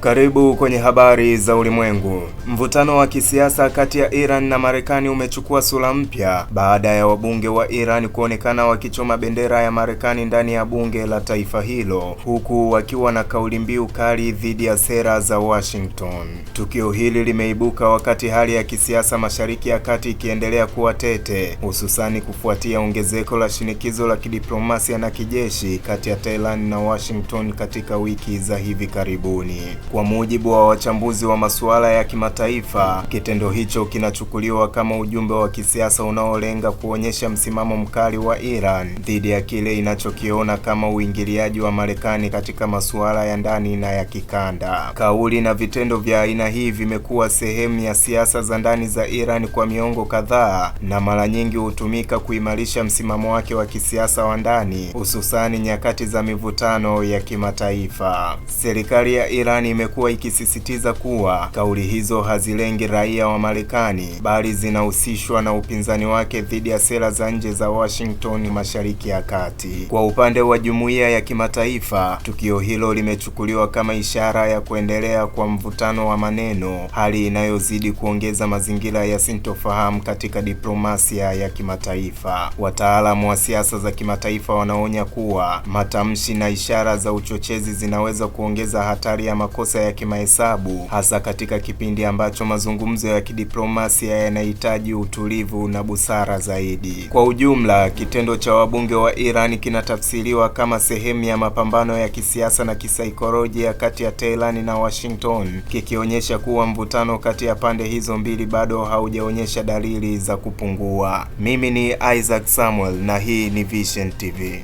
Karibu kwenye habari za ulimwengu. Mvutano wa kisiasa kati ya Iran na Marekani umechukua sura mpya baada ya wabunge wa Iran kuonekana wakichoma bendera ya Marekani ndani ya bunge la taifa hilo, huku wakiwa na kauli mbiu kali dhidi ya sera za Washington. Tukio hili limeibuka wakati hali ya kisiasa Mashariki ya Kati ikiendelea kuwa tete, hususani kufuatia ongezeko la shinikizo la kidiplomasia na kijeshi kati ya Tehran na Washington katika wiki za hivi karibuni. Kwa mujibu wa wachambuzi wa masuala ya kimataifa, kitendo hicho kinachukuliwa kama ujumbe wa kisiasa unaolenga kuonyesha msimamo mkali wa Iran dhidi ya kile inachokiona kama uingiliaji wa Marekani katika masuala ya ndani na ya kikanda. Kauli na vitendo vya aina hii vimekuwa sehemu ya siasa za ndani za Iran kwa miongo kadhaa na mara nyingi hutumika kuimarisha msimamo wake wa kisiasa wa ndani, hususani nyakati za mivutano ya kimataifa. Serikali ya Iran imekuwa ikisisitiza kuwa kauli hizo hazilengi raia wa Marekani bali zinahusishwa na upinzani wake dhidi ya sera za nje za Washington Mashariki ya Kati. Kwa upande wa jumuiya ya kimataifa, tukio hilo limechukuliwa kama ishara ya kuendelea kwa mvutano wa maneno, hali inayozidi kuongeza mazingira ya sintofahamu katika diplomasia ya kimataifa. Wataalamu wa siasa za kimataifa wanaonya kuwa matamshi na ishara za uchochezi zinaweza kuongeza hatari ya makosa makosa ya kimahesabu, hasa katika kipindi ambacho mazungumzo ya kidiplomasia yanahitaji utulivu na busara zaidi. Kwa ujumla, kitendo cha wabunge wa Iran kinatafsiriwa kama sehemu ya mapambano ya kisiasa na kisaikolojia kati ya Tehran na Washington, kikionyesha kuwa mvutano kati ya pande hizo mbili bado haujaonyesha dalili za kupungua. Mimi ni Isaac Samuel na hii ni Vision TV.